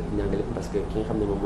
jàng ak njàngale parce que ki nga xam ne moom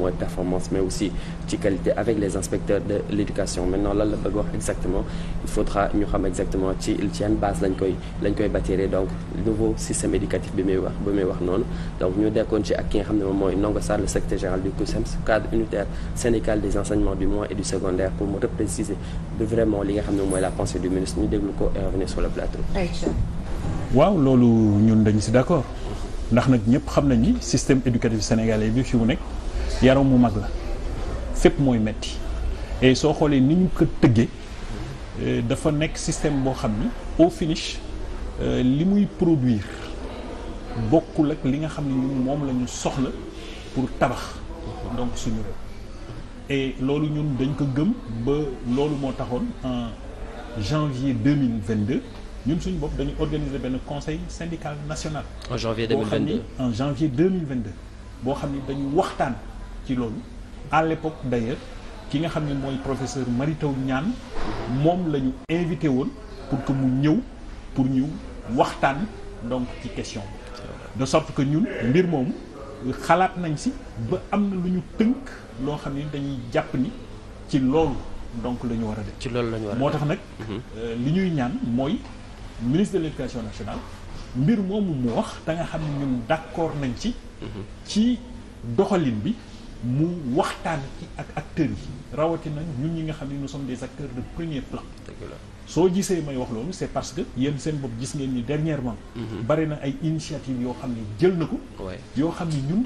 mooy le performance mais aussi ci qualité avec les inspecteurs de l' éducation maintenant la bëgg wax exactement il faudra ñu xam exactement ci ci base lañ koy lañ donc nouveau système éducatif bi muy wax noonu donc ñu dekkoon ci ak ki nga xam ne moom mooy Ndongo Sarr le secrétaire général du CUSEMS cadre unitaire syndical des enseignements du moyen et du secondaire pour mu repréciser de vraiment li nga xam ne mooy la pensée ndax nag ñëpp xam nañ ni système éducatif sénégalais bi fi mu nekk yaram mu mag la fépp mooy metti et soo xoolee ni ñu ko tëggee euh, dafa nekk système boo xam ni au finish euh, li muy produire bokkul ak li nga xam ne ñun moom la ñu soxla pour tabax donc suñu réew et loolu ñun dañ ko gëm ba loolu moo taxoon en janvier 2022 ñun suñu bopp dañu organiser benn conseil syndical national. en janvier 2022 boo xam ni en janvier 2022. boo xam ni dañu waxtaan ci loolu à l'époque d'ailleurs ki nga xam ni mooy professeur Mary Teuw Niane moom la ñu invité woon pour que mu ñëw pour ñu waxtaan donc ci question de sorte que ñun mbir moom xalaat nañ si ba am na lu ñu tënk loo xam ni dañuy jàpp ni ci loolu donc la ñu war a def. ci loolu la ñu war moo tax nag mhm. euh, li ñuy ñaan mooy. ministre de l'éducation nationale mbir moomu mu wax te xam ne ñun d'accord nañ ci ci doxalin bi mu waxtaan ci ak acteurs yi rawatina ñun ñi nga xam ne nous sommes des acteurs de premier plan soo gisee may wax loolu c'est parce que yéen seen bopp gis ngeen ni dernièrement mm-hmm. bari na ay initiative yoo xam ne jël na ko yoo xam ne ñun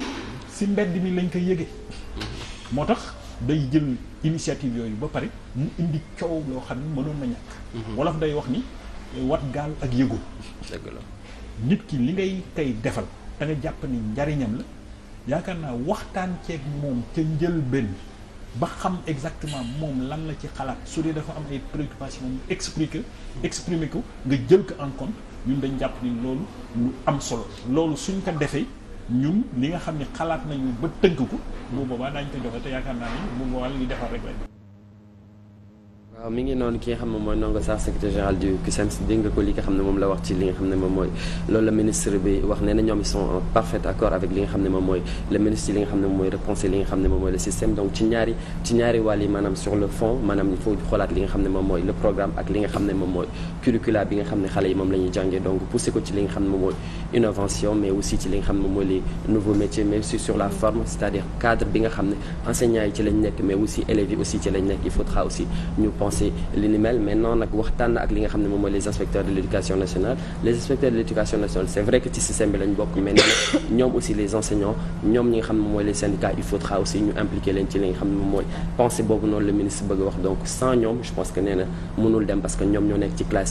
si mbedd mi lañ koy yëgee mm-hmm. moo tax day jël initiative yooyu ba pare mu indi coow loo xam ne mënoon na ñàkk mm-hmm. wolof day wax ni wat gaal ak yëgu. dëgg la nit ki li ngay kay defal da jàpp ni njariñam la yaakaar naa waxtaan ceeg moom ca njëlbéen ba xam exactement moom lan la ci xalaat su dee dafa am ay préoccupations mu ko nga jël ko en compte ñun dañ jàpp ni loolu lu am solo loolu suñ ko defee ñun li nga xam ni xalaat nañu ba tënk ko bu boobaa daañu ko joxe te yaakaar naa ni bu boobaa li defar rek la mi ngi noonu ki nga xam ne mooy Ndongo Sarr secrétaire général du CUSEMS dégg nga ko li nga xam ne moom la wax ci li nga xam ne moom mooy loolu ministre bi wax nee ñoom ils sont accord avec li nga xam ne moom mooy le ministre li nga xam ne moom mooy repenser li nga xam ne moom mooy le système donc ci ñaari ci ñaari wàll yi maanaam sur le fond maanaam il faut xoolaat li nga xam ne moom mooy le programme ak li nga xam ne moom mooy curricula bi nga xam ne xale yi moom la jàngee donc pousser ko ci li nga xam ne mooy innovation mais aussi ci li nga xam ne mooy les nouveaux métiers mais aussi ci lañ nekk mais aussi élèves aussi ñu penser li bokk mais nee ñoom aussi les enseignants ñoom ñi nga xam ne mooy les syndicats il faudra aussi ñu impliquer leen ci li nga xam ne mooy penser boobu noonu le ministre bëgg wax donc sans ñoom je pense que nee mënul dem parce que ñoom ñoo nekk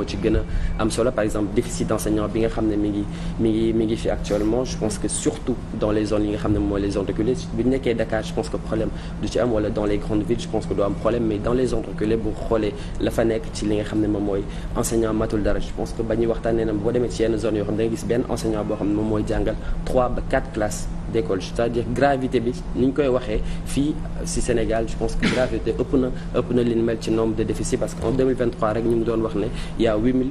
moo ci gën a am solo par exemple déficit d'enseignants bi nga xam ne mi ngi mi ngi mi ngi fi actuellement je pense que surtout dans les zones yi nga xam ne mooy les zones reculées bu nekkee que les bu xoolee la fa nekk ci li nga xam ne moom mooy enseignant matul dara je pense que ba ñuy waxtaanee na boo demee ci yenn zones yoo xam ne da nga gis benn enseignant boo xam ne moom mooy jàngal 3 ba 4 classes décole c'est-à-dire gravité bi ni ñu koy waxee fii si Sénégal je pense que gravité ëpp na ëpp na li ñu mel ci nombre de déficit parce que en 2023 rek ñu ngi doon wax ne y a 8000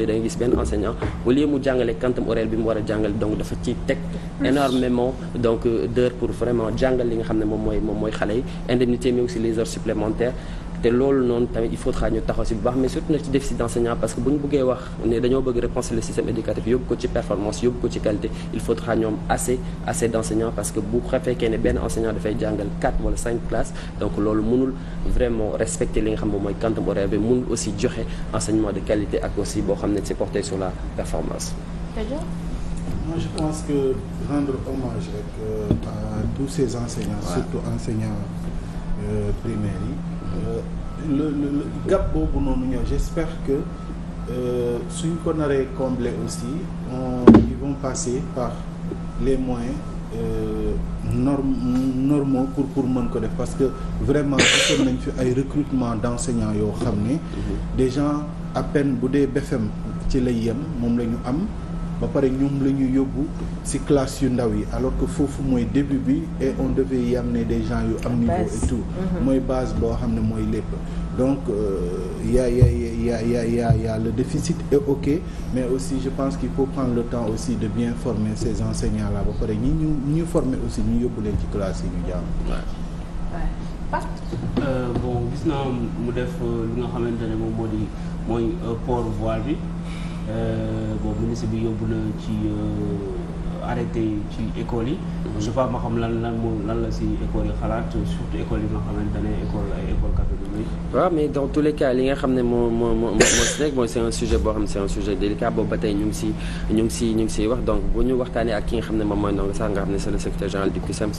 jullee da gis benn enseignant au lieu mu jàngale quantum horaire bi mu war a jàngale donc dafa ci teg énormément donc d'heures pour vraiment jàngal li nga xam ne moom mooy moom mooy xale yi indemnité mais aussi les heures supplémentaires te loolu noonu tamit il faudra ñu tax si bu baax mais surtout nag ci déficit d'enseignants parce que bu ñu bëggee wax ne dañoo bëgg repenser le système éducatif yóbbu ko ci performance yóbbu ko ci qualité il faudra ñoom assez assez d'enseignants parce que bu fekkee ne benn enseignant dafay jàngal 4 wala 5 classes donc loolu mënul vraiment respecter li nga xam ne mooy quantum horaire bi mënul aussi joxe enseignement de qualité ak aussi ne c'est je pense que rendre hommage rek euh, à tous ces enseignants. surtout enseignants euh, primaires le le gap boobu noonu ñëw j'espère que euh, suñ ko naree combler aussi on ils vont passer par les moyens euh, norm normaux pour pour mën ko def parce que vraiment gisoon nañ fi ay recrutement d'enseignants yoo xam ne mhm. des gens à peine bu dee BFM ci lay yem moom la ñu am ba pare ñoom la ñu yóbbu ci classe yu ndaw yi alors que foofu mooy début bi et on devait y amener des gens yu am niveau et tout mhm. mooy base boo xam ne mooy lépp donc euh, yaa a y yaa yaa a y a y a déficit est ok mais aussi je pense qu'il faut prendre le temps aussi de bien forme ces enseignants là ba pare ñi ñu ñu former aussi ñu yóbbu leen ci classe yi ñu jàng euh, gis naa def euh, li nga xamante ne moom di mooy euh, port voile bi Euh, bon ministre bi yóbbu na ci. arrêté yi ci école yi. je sais pas xam lan lan moom lan la si école yi xalaat surtout école yi nga xamante ne école ay école xam ne moo moo moo moo boo xam ne c'est un sujet wax donc bu ñu waxtaanee ak ki nga xam ne moom mooy ndongo sax nga xam ne c'est le secrétaire général xam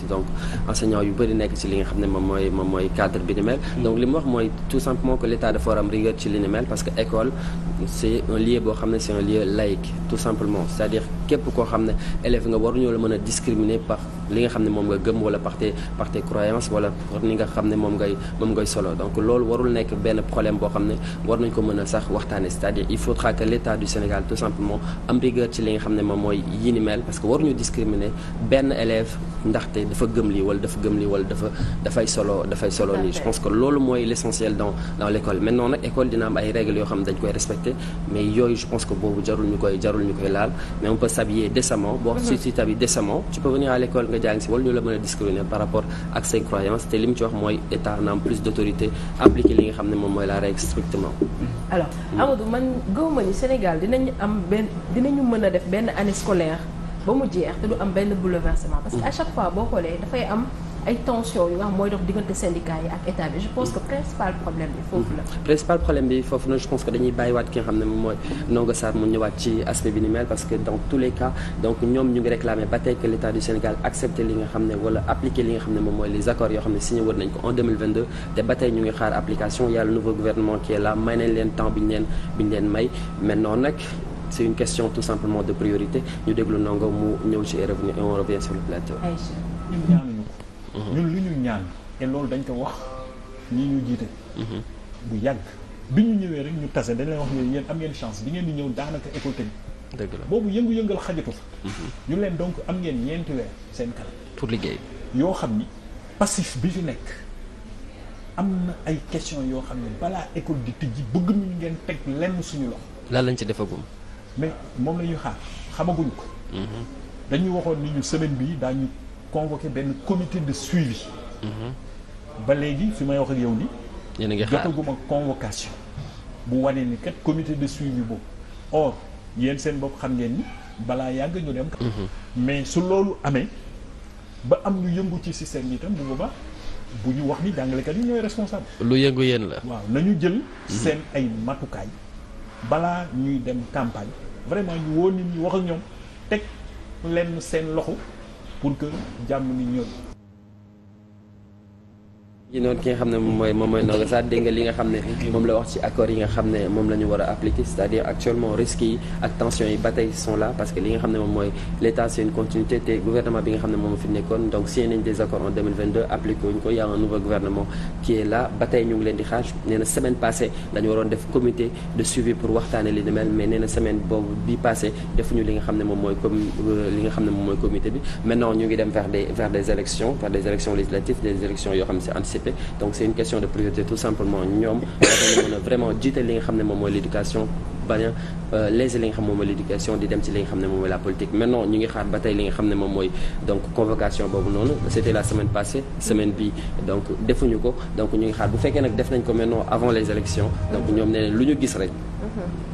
ne moom mooy moom mooy cadre bi ci un lieu boo xam ne c'est un lieu laïque tout simplement c'est-à-dire képp koo xam ne élève nga waru ñoo la mën a discriminer par li nga xam ne moom nga gëm wala par tes par tes croyances ni nga xam ne moom ngay solo donc loolu warul nekk benn problème boo xam ne war nañ ko mën a sax waxtaane c'est-à-dire il faudra que l'État du Sénégal tout simplement am rigueur ci li nga xam ne moom mooy yi ni mel parce que waruñu discriminer benn élève ndaxte dafa gëm lii wala dafa gëm lii wala dafa dafay solo dafay solo lii je pense que loolu mooy l'essentiel dans dans l'école maintenant nag école dina am ay règles yoo xam ne dañ koy respecter mais yooyu je pense boobu jarul ñu ñu koy laal mais on peut s'habiller décemment bon mm-hmm. si tu t'habilles décemment tu peux venir à jaa ngi si wala ñu la mën a discriminer par rapport ak say croyances te li mu ci wax mooy état na plus d' autorité li nga xam ne moom mooy la règle strictement. Mm-hmm. alors mm-hmm. Amadou man gëw ma ni Sénégal dinañ am benn dinañu mën a def benn année scolaire ba mu jeex te du am benn bouleversement. parce que mm-hmm. à chaque fois boo xoolee dafay am. ay tension yu nga xam mooy dox diggante syndicat yi ak état bi je que principal problème bi foofu la. Mm-hmm. principal problème bi foofu nag je pense que dañuy bàyyiwaat ki nga xam ne moom mooy Ndongo Sarr mu ñëwaat ci aspect li nga xam ne wala appliqué li nga xam ne moom mooy les accords yoo xam ne signé woon nañ ko en te ba ñu ngi xaar application y le nouveau gouvernement qui est là may nañ leen temps bi ñu leen bi ñu leen nag. c'est une question tout simplement ñun lu ñu ñaan te loolu dañ ko wax ñi ñu jiite. bu yàgg bi ñu ñëwee rek ñu tase dañ leen wax ne yéen am ngeen chance bi ngeen di ñëw daanaka école tëj. dëgg la boobu yëngu-yëngal xajatu fa. Mhm. ñu leen donc am ngeen ñeenti weer seen kanam. pour liggéey yoo xam ni passif bi fi nekk am na ay question yoo xam ne balaa école di tijji bëgg nañu ngeen teg lenn suñu loxo. lan lañ ci defagum. mais moom la ñuy xaar xamaguñ ko. Mhm. dañuy waxoon ni ñu semaine bii daañu. convoqué benn comité de suivi. ba léegi su may wax ak yow ni yéen a ngi xaar jotaguma convocation. bu wane ni kat comité de suivi boobu or yéen seen bopp xam ngeen ni balaa yàgg ñu dem. Mhm. mais su loolu amee ba am lu yëngu ci système bi itam bu boobaa bu ñu wax ni jàngalekat yi ñooy responsable. lu yëngu yéen la. waaw nañu jël. Mhm. seen ay matukaay balaa ñuy dem campagne vraiment ñu woo nit ñi wax ak ñoom teg leen seen loxo. pour que jàmm ni ñoom yi noonu ki nga xam ne moom mooy moom mooy li nga xam ne moom la wax ci accord yi nga xam ne moom la ñu war c'est-à-dire actuellement risques yi ak tensions yi ba tey sont parce que li nga xam ne moom mooy l'état c'est une continuité te gouvernement bi nga xam ne moom fi nekkoon donc signé nañ des accords en 2022 appliqué wuñ ko y a nouveau gouvernement qui est là ba ñu ngi leen di xaar nee na semaine passée dañu waroon def comité société donc c'est une question de priorité tout simplement ñoom dafa mën a vraiment jiite li nga xam ne moom mooy l'éducation bañ a léegi li ci li xam ne moom mooy la politique maintenant ñu ngi xaar ba tey li nga xam ne moom mooy donc convocation boobu noonu c'était la semaine passée semaine bi donc defuñu ko donc ñu ngi xaar bu fekkee nag def nañ ko maintenant avant les élections donc ñoom nee lu ñu gis rek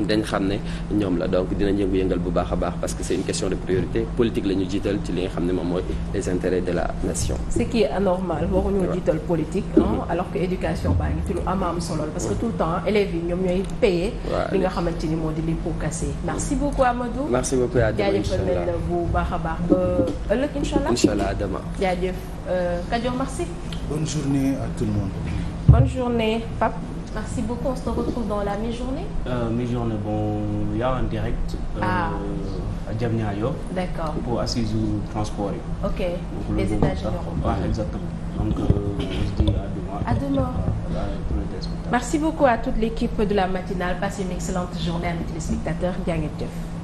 dañ xam ne ñoom la donc dinañ yëngu-yëngal bu baax a baax parce que c'est une question de priorité politique la ñu jiital ci li nga xam ne moom mooy les intérêts de la nation. ce qui est anormal waruñoo jiital politique. alors que éducation baa ngi ci lu am am solo parce que tout temps élèves yi ñoom ñooy payer. li nga xamante ni moo di l'impôt cassé. merci beaucoup Amadou. merci beaucoup bu baax a baax ba ëllëg incha allah. incha allah demain. jaajëf euh, Kajo merci. bonne journée à tout le Bonne journée, Pape. Merci beaucoup. On se retrouve dans la euh, mi-journée. bon, il y a un direct euh, ah. à Diamniadio. D'accord. Pour Assise ou Transport. Ok. Donc, Les états généraux. exactement. Donc, euh, on à demain. À demain. Merci beaucoup à toute l'équipe de la matinale. Passez une excellente journée à nos téléspectateurs. Bien et